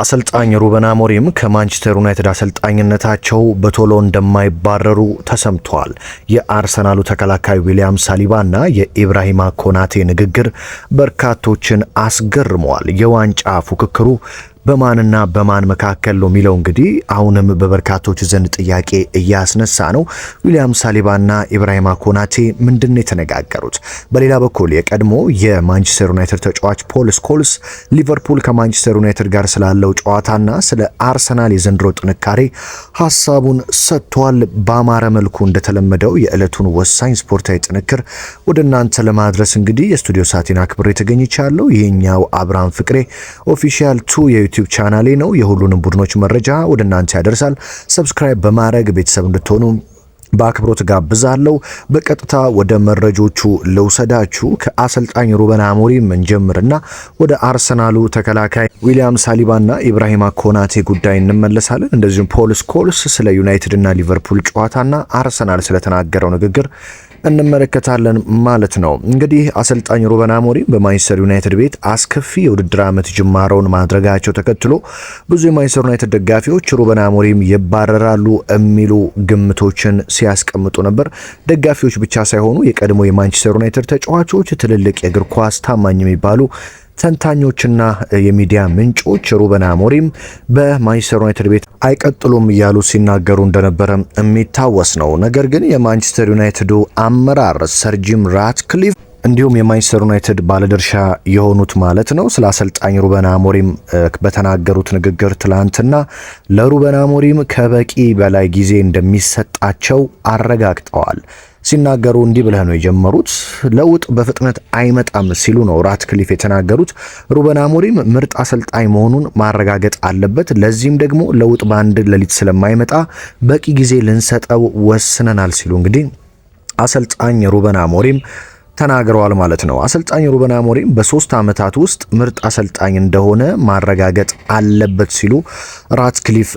አሰልጣኝ ሩበን አሞሪም ከማንቸስተር ዩናይትድ አሰልጣኝነታቸው በቶሎ እንደማይባረሩ ተሰምቷል። የአርሰናሉ ተከላካይ ዊሊያም ሳሊባና የኢብራሂማ ኮናቴ ንግግር በርካቶችን አስገርመዋል። የዋንጫ ፉክክሩ በማንና በማን መካከል ነው የሚለው እንግዲህ አሁንም በበርካቶች ዘንድ ጥያቄ እያስነሳ ነው። ዊሊያም ሳሊባና ኢብራሂማ ኮናቴ ምንድን ነው የተነጋገሩት? በሌላ በኩል የቀድሞ የማንቸስተር ዩናይትድ ተጫዋች ፖል ስኮልስ ሊቨርፑል ከማንቸስተር ዩናይትድ ጋር ስላለው ጨዋታና ስለ አርሰናል የዘንድሮ ጥንካሬ ሀሳቡን ሰጥቷል። በአማረ መልኩ እንደተለመደው የዕለቱን ወሳኝ ስፖርታዊ ጥንክር ወደ እናንተ ለማድረስ እንግዲህ የስቱዲዮ ሰዓቴን አክብሬ ተገኝቻለሁ። ይህኛው አብርሃም ፍቅሬ ኦፊሻል ቱ ዩቲዩብ ቻናሌ ነው። የሁሉንም ቡድኖች መረጃ ወደ እናንተ ያደርሳል። ሰብስክራይብ በማድረግ ቤተሰብ እንድትሆኑ በአክብሮት ጋብዛለሁ። በቀጥታ ወደ መረጆቹ ልውሰዳችሁ። ከአሰልጣኝ ሩበን አሞሪም እንጀምርና ወደ አርሰናሉ ተከላካይ ዊሊያም ሳሊባና ኢብራሂማ ኮናቴ ጉዳይ እንመለሳለን። እንደዚሁም ፖል ስኮልስ ስለ ዩናይትድና ሊቨርፑል ጨዋታና አርሰናል ስለተናገረው ንግግር እንመለከታለን ማለት ነው። እንግዲህ አሰልጣኝ ሩበን አሞሪም በማንቸስተር ዩናይትድ ቤት አስከፊ የውድድር ዓመት ጅማሮውን ማድረጋቸው ተከትሎ ብዙ የማንቸስተር ዩናይትድ ደጋፊዎች ሩበን አሞሪም ይባረራሉ የሚሉ ግምቶችን ሲያስቀምጡ ነበር። ደጋፊዎች ብቻ ሳይሆኑ የቀድሞ የማንቸስተር ዩናይትድ ተጫዋቾች፣ ትልልቅ የእግር ኳስ ታማኝ የሚባሉ ተንታኞችና የሚዲያ ምንጮች ሩበን አሞሪም በማንቸስተር ዩናይትድ ቤት አይቀጥሉም እያሉ ሲናገሩ እንደነበረ የሚታወስ ነው። ነገር ግን የማንቸስተር ዩናይትዱ አመራር ሰር ጂም ራትክሊፍ እንዲሁም የማንቸስተር ዩናይትድ ባለድርሻ የሆኑት ማለት ነው ስለ አሰልጣኝ ሩበን አሞሪም በተናገሩት ንግግር ትላንትና ለሩበን አሞሪም ከበቂ በላይ ጊዜ እንደሚሰጣቸው አረጋግጠዋል። ሲናገሩ እንዲህ ብለህ ነው የጀመሩት። ለውጥ በፍጥነት አይመጣም ሲሉ ነው ራትክሊፍ የተናገሩት። ሩበን አሞሪም ምርጥ አሰልጣኝ መሆኑን ማረጋገጥ አለበት። ለዚህም ደግሞ ለውጥ በአንድ ሌሊት ስለማይመጣ በቂ ጊዜ ልንሰጠው ወስነናል ሲሉ እንግዲህ አሰልጣኝ ሩበን አሞሪም ተናግረዋል ማለት ነው። አሰልጣኝ ሩበን አሞሪም በሶስት ዓመታት ውስጥ ምርጥ አሰልጣኝ እንደሆነ ማረጋገጥ አለበት ሲሉ ራትክሊፍ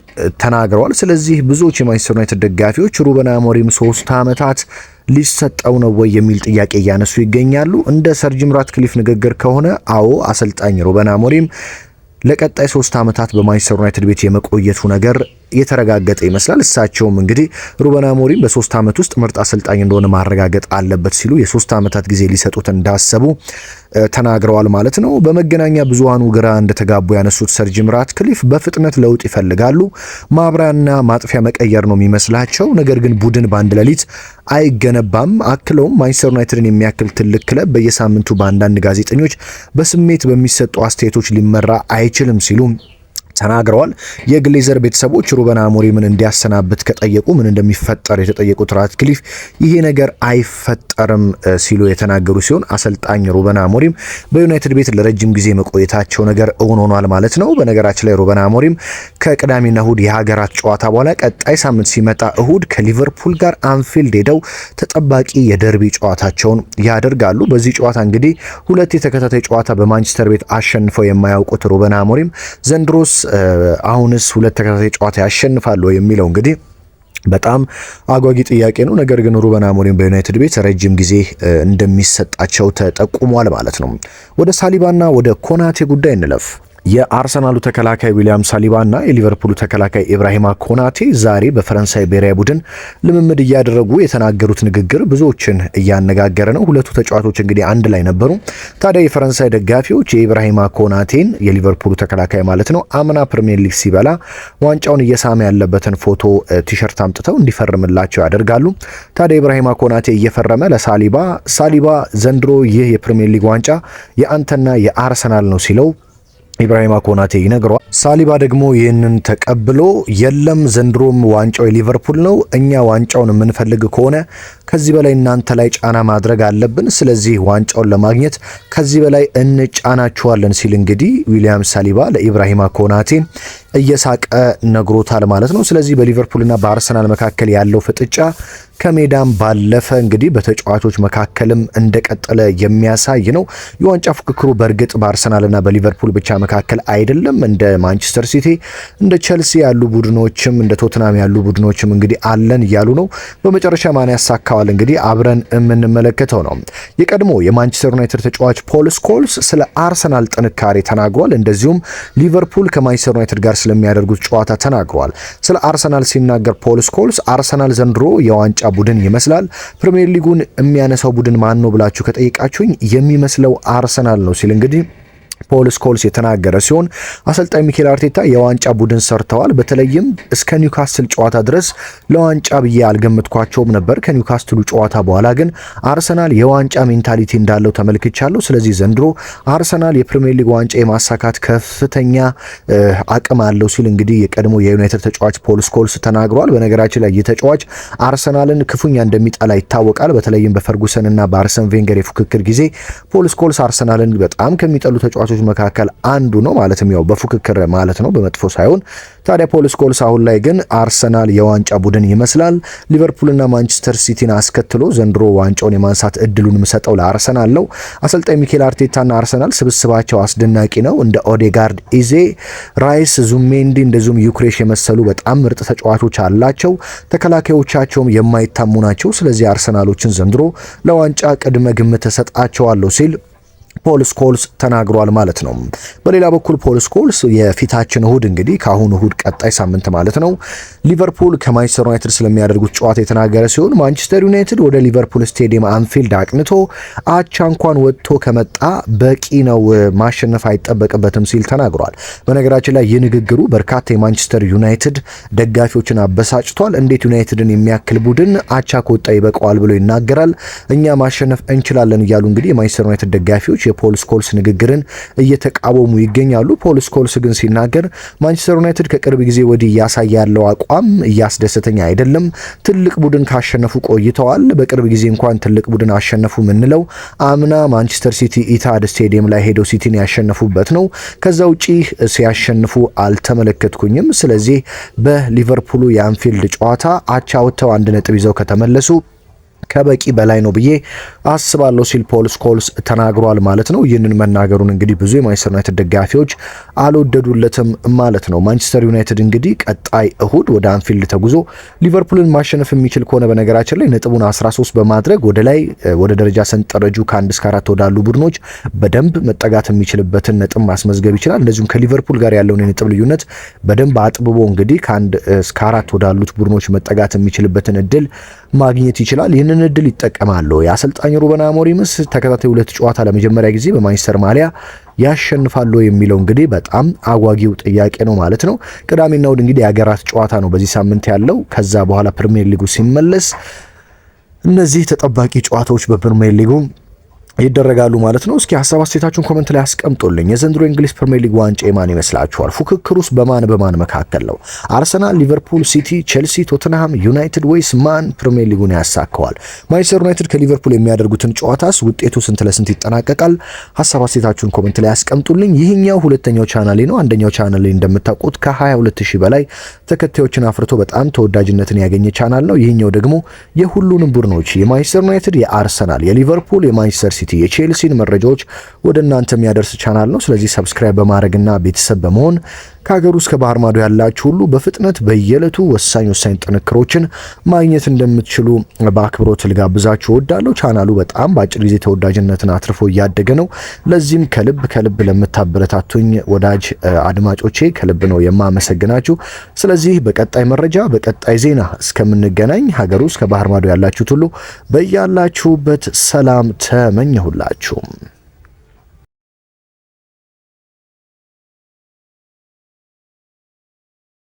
ተናግረዋል። ስለዚህ ብዙዎች የማንቸስተር ዩናይትድ ደጋፊዎች ሩበን አሞሪም ሶስት ዓመታት ሊሰጠው ነው ወይ የሚል ጥያቄ እያነሱ ይገኛሉ። እንደ ሰር ጂም ራትክሊፍ ንግግር ከሆነ አዎ፣ አሰልጣኝ ሩበን አሞሪም ለቀጣይ ሶስት ዓመታት በማንቸስተር ዩናይትድ ቤት የመቆየቱ ነገር የተረጋገጠ ይመስላል። እሳቸውም እንግዲህ ሩበን አሞሪም በሶስት ዓመት ውስጥ ምርጥ አሰልጣኝ እንደሆነ ማረጋገጥ አለበት ሲሉ የሶስት ዓመታት ጊዜ ሊሰጡት እንዳሰቡ ተናግረዋል ማለት ነው። በመገናኛ ብዙሃኑ ግራ እንደተጋቡ ያነሱት ሰር ጂም ራትክሊፍ በፍጥነት ለውጥ ይፈልጋሉ። ማብሪያና ማጥፊያ መቀየር ነው የሚመስላቸው። ነገር ግን ቡድን በአንድ ሌሊት አይገነባም። አክለውም ማንቸስተር ዩናይትድን የሚያክል ትልቅ ክለብ በየሳምንቱ በአንዳንድ ጋዜጠኞች በስሜት በሚሰጡ አስተያየቶች ሊመራ አይችልም ሲሉ ተናግረዋል። የግሌዘር ቤተሰቦች ሩበን አሞሪምን እንዲያሰናብት ከጠየቁ ምን እንደሚፈጠር የተጠየቁት ራትክሊፍ ይሄ ነገር አይፈጠርም ሲሉ የተናገሩ ሲሆን አሰልጣኝ ሩበን አሞሪም በዩናይትድ ቤት ለረጅም ጊዜ መቆየታቸው ነገር እውን ሆኗል ማለት ነው። በነገራችን ላይ ሩበን አሞሪም ከቅዳሜና እሁድ የሀገራት ጨዋታ በኋላ ቀጣይ ሳምንት ሲመጣ እሁድ ከሊቨርፑል ጋር አንፊልድ ሄደው ተጠባቂ የደርቢ ጨዋታቸውን ያደርጋሉ። በዚህ ጨዋታ እንግዲህ ሁለት የተከታታይ ጨዋታ በማንቸስተር ቤት አሸንፈው የማያውቁት ሩበን አሞሪም ዘንድሮስ አሁንስ ሁለት ተከታታይ ጨዋታ ያሸንፋሉ የሚለው እንግዲህ በጣም አጓጊ ጥያቄ ነው። ነገር ግን ሩበን አሞሪም በዩናይትድ ቤት ረጅም ጊዜ እንደሚሰጣቸው ተጠቁሟል ማለት ነው። ወደ ሳሊባና ወደ ኮናቴ ጉዳይ እንለፍ። የአርሰናሉ ተከላካይ ዊሊያም ሳሊባ እና የሊቨርፑሉ ተከላካይ ኢብራሂማ ኮናቴ ዛሬ በፈረንሳይ ብሔራዊ ቡድን ልምምድ እያደረጉ የተናገሩት ንግግር ብዙዎችን እያነጋገረ ነው። ሁለቱ ተጫዋቾች እንግዲህ አንድ ላይ ነበሩ። ታዲያ የፈረንሳይ ደጋፊዎች የኢብራሂማ ኮናቴን የሊቨርፑሉ ተከላካይ ማለት ነው አምና ፕሪሚየር ሊግ ሲበላ ዋንጫውን እየሳመ ያለበትን ፎቶ ቲሸርት አምጥተው እንዲፈርምላቸው ያደርጋሉ። ታዲያ ኢብራሂማ ኮናቴ እየፈረመ ለሳሊባ ሳሊባ ዘንድሮ ይህ የፕሪሚየር ሊግ ዋንጫ የአንተና የአርሰናል ነው ሲለው ኢብራሂማ ኮናቴ ይነግሯል። ሳሊባ ደግሞ ይህንን ተቀብሎ የለም ዘንድሮም ዋንጫው የሊቨርፑል ነው፣ እኛ ዋንጫውን የምንፈልግ ከሆነ ከዚህ በላይ እናንተ ላይ ጫና ማድረግ አለብን፣ ስለዚህ ዋንጫውን ለማግኘት ከዚህ በላይ እንጫናችኋለን ሲል እንግዲህ ዊሊያም ሳሊባ ለኢብራሂማ ኮናቴ እየሳቀ ነግሮታል ማለት ነው። ስለዚህ በሊቨርፑልና በአርሰናል መካከል ያለው ፍጥጫ ከሜዳም ባለፈ እንግዲህ በተጫዋቾች መካከልም እንደቀጠለ የሚያሳይ ነው። የዋንጫ ፉክክሩ በእርግጥ በአርሰናልና በሊቨርፑል ብቻ መካከል አይደለም። እንደ ማንቸስተር ሲቲ፣ እንደ ቸልሲ ያሉ ቡድኖችም እንደ ቶትናም ያሉ ቡድኖችም እንግዲህ አለን እያሉ ነው። በመጨረሻ ማን ያሳካዋል እንግዲህ አብረን የምንመለከተው ነው። የቀድሞ የማንቸስተር ዩናይትድ ተጫዋች ፖል ስኮልስ ስለ አርሰናል ጥንካሬ ተናግሯል። እንደዚሁም ሊቨርፑል ከማንቸስተር ዩናይትድ ጋር ስለሚያደርጉት ጨዋታ ተናግሯል። ስለ አርሰናል ሲናገር ፖል ስኮልስ አርሰናል ዘንድሮ የዋንጫ ቡድን ይመስላል። ፕሪምየር ሊጉን የሚያነሳው ቡድን ማን ነው ብላችሁ ከጠየቃችሁኝ የሚመስለው አርሰናል ነው ሲል እንግዲህ ፖል ስኮልስ የተናገረ ሲሆን አሰልጣኝ ሚኬል አርቴታ የዋንጫ ቡድን ሰርተዋል። በተለይም እስከ ኒውካስትል ጨዋታ ድረስ ለዋንጫ ብዬ አልገመትኳቸውም ነበር። ከኒውካስትሉ ጨዋታ በኋላ ግን አርሰናል የዋንጫ ሜንታሊቲ እንዳለው ተመልክቻለሁ። ስለዚህ ዘንድሮ አርሰናል የፕሪሚየር ሊግ ዋንጫ የማሳካት ከፍተኛ አቅም አለው ሲል እንግዲህ የቀድሞ የዩናይትድ ተጫዋች ፖል ስኮልስ ተናግሯል። በነገራችን ላይ የተጫዋች ተጫዋች አርሰናልን ክፉኛ እንደሚጠላ ይታወቃል። በተለይም በፈርጉሰን በአርሰን ቬንገር የፉክክር ጊዜ ፖል ስኮልስ አርሰናልን በጣም ከሚጠሉ ተጫዋቾች ተጫዋቾች መካከል አንዱ ነው። ማለትም ያው በፉክክር ማለት ነው፣ በመጥፎ ሳይሆን። ታዲያ ፖል ስኮልስ አሁን ላይ ግን አርሰናል የዋንጫ ቡድን ይመስላል። ሊቨርፑልና ማንቸስተር ሲቲን አስከትሎ ዘንድሮ ዋንጫውን የማንሳት እድሉን ምሰጠው ለአርሰናል ነው። አሰልጣኝ ሚኬል አርቴታና አርሰናል ስብስባቸው አስደናቂ ነው። እንደ ኦዴጋርድ፣ ኢዜ፣ ራይስ፣ ዙሜንዲ እንደዚሁም ዩክሬሽ የመሰሉ በጣም ምርጥ ተጫዋቾች አላቸው። ተከላካዮቻቸውም የማይታሙ ናቸው። ስለዚህ አርሰናሎችን ዘንድሮ ለዋንጫ ቅድመ ግምት እሰጣቸዋለሁ ሲል ፖል ስኮልስ ተናግሯል ማለት ነው። በሌላ በኩል ፖል ስኮልስ የፊታችን እሁድ እንግዲህ ከአሁኑ እሁድ ቀጣይ ሳምንት ማለት ነው ሊቨርፑል ከማንቸስተር ዩናይትድ ስለሚያደርጉት ጨዋታ የተናገረ ሲሆን ማንቸስተር ዩናይትድ ወደ ሊቨርፑል ስቴዲየም አንፊልድ አቅንቶ አቻ እንኳን ወጥቶ ከመጣ በቂ ነው፣ ማሸነፍ አይጠበቅበትም ሲል ተናግሯል። በነገራችን ላይ ይህ ንግግሩ በርካታ የማንቸስተር ዩናይትድ ደጋፊዎችን አበሳጭቷል። እንዴት ዩናይትድን የሚያክል ቡድን አቻ ከወጣ ይበቀዋል ብሎ ይናገራል። እኛ ማሸነፍ እንችላለን እያሉ እንግዲህ የማንቸስተር ዩናይትድ ደጋፊዎች ደጋፊዎች የፖል ስኮልስ ንግግርን እየተቃወሙ ይገኛሉ። ፖል ስኮልስ ግን ሲናገር ማንቸስተር ዩናይትድ ከቅርብ ጊዜ ወዲህ እያሳየ ያለው አቋም እያስደሰተኝ አይደለም። ትልቅ ቡድን ካሸነፉ ቆይተዋል። በቅርብ ጊዜ እንኳን ትልቅ ቡድን አሸነፉ የምንለው አምና ማንቸስተር ሲቲ ኢታድ ስቴዲየም ላይ ሄደው ሲቲን ያሸነፉበት ነው። ከዛ ውጪ ሲያሸንፉ አልተመለከትኩኝም። ስለዚህ በሊቨርፑሉ የአንፊልድ ጨዋታ አቻ ወጥተው አንድ ነጥብ ይዘው ከተመለሱ ከበቂ በላይ ነው ብዬ አስባለሁ ሲል ፖል ስኮልስ ተናግሯል ማለት ነው። ይህንን መናገሩን እንግዲህ ብዙ የማንቸስተር ዩናይትድ ደጋፊዎች አልወደዱለትም ማለት ነው። ማንቸስተር ዩናይትድ እንግዲህ ቀጣይ እሁድ ወደ አንፊልድ ተጉዞ ሊቨርፑልን ማሸነፍ የሚችል ከሆነ በነገራችን ላይ ነጥቡን 13 በማድረግ ወደ ላይ ወደ ደረጃ ሰንጠረጁ ከአንድ እስከ አራት ወዳሉ ቡድኖች በደንብ መጠጋት የሚችልበትን ነጥብ ማስመዝገብ ይችላል። እንደዚሁም ከሊቨርፑል ጋር ያለውን የነጥብ ልዩነት በደንብ አጥብቦ እንግዲህ ከአንድ እስከ አራት ወዳሉት ቡድኖች መጠጋት የሚችልበትን እድል ማግኘት ይችላል። ይህንን እድል ይጠቀማሉ። የአሰልጣኝ ሩበን አሞሪምስ ተከታታይ ሁለት ጨዋታ ለመጀመሪያ ጊዜ በማንችስተር ማሊያ ያሸንፋሉ የሚለው እንግዲህ በጣም አጓጊው ጥያቄ ነው ማለት ነው። ቅዳሜና እሁድ እንግዲህ የሀገራት ጨዋታ ነው በዚህ ሳምንት ያለው። ከዛ በኋላ ፕሪሚየር ሊጉ ሲመለስ እነዚህ ተጠባቂ ጨዋታዎች በፕሪሚየር ሊጉ ይደረጋሉ ማለት ነው። እስኪ ሀሳብ አስተያየታችሁን ኮመንት ላይ አስቀምጡልኝ። የዘንድሮ እንግሊዝ ፕሪሚየር ሊግ ዋንጫ የማን ይመስላችኋል? ፉክክር ውስጥ በማን በማን መካከል ነው? አርሰናል፣ ሊቨርፑል፣ ሲቲ፣ ቼልሲ፣ ቶተንሃም፣ ዩናይትድ ወይስ ማን ፕሪሚየር ሊጉን ያሳካዋል? ማንቸስተር ዩናይትድ ከሊቨርፑል የሚያደርጉትን ጨዋታስ ውጤቱ ስንት ለስንት ይጠናቀቃል? ሀሳብ አስተያየታችሁን ኮመንት ላይ አስቀምጡልኝ። ይህኛው ሁለተኛው ቻናሌ ነው። አንደኛው ቻናሌ እንደምታውቁት ከ22 በላይ ተከታዮችን አፍርቶ በጣም ተወዳጅነትን ያገኘ ቻናል ነው። ይህኛው ደግሞ የሁሉንም ቡድኖች የማንቸስተር ዩናይትድ፣ የአርሰናል፣ የሊቨርፑል፣ የማንቸስተር ሲቲ የቼልሲን መረጃዎች ወደ እናንተ የሚያደርስ ቻናል ነው። ስለዚህ ሰብስክራይብ በማድረግና ቤተሰብ በመሆን ከሀገር ውስጥ ከባህር ማዶ ያላችሁ ሁሉ በፍጥነት በየዕለቱ ወሳኝ ወሳኝ ጥንክሮችን ማግኘት እንደምትችሉ በአክብሮት ልጋብዛችሁ እወዳለሁ። ቻናሉ በጣም በአጭር ጊዜ ተወዳጅነትን አትርፎ እያደገ ነው። ለዚህም ከልብ ከልብ ለምታበረታቱኝ ወዳጅ አድማጮቼ ከልብ ነው የማመሰግናችሁ። ስለዚህ በቀጣይ መረጃ በቀጣይ ዜና እስከምንገናኝ ሀገር ውስጥ ከባህር ማዶ ያላችሁት ሁሉ በያላችሁበት ሰላም ተመኘሁላችሁ።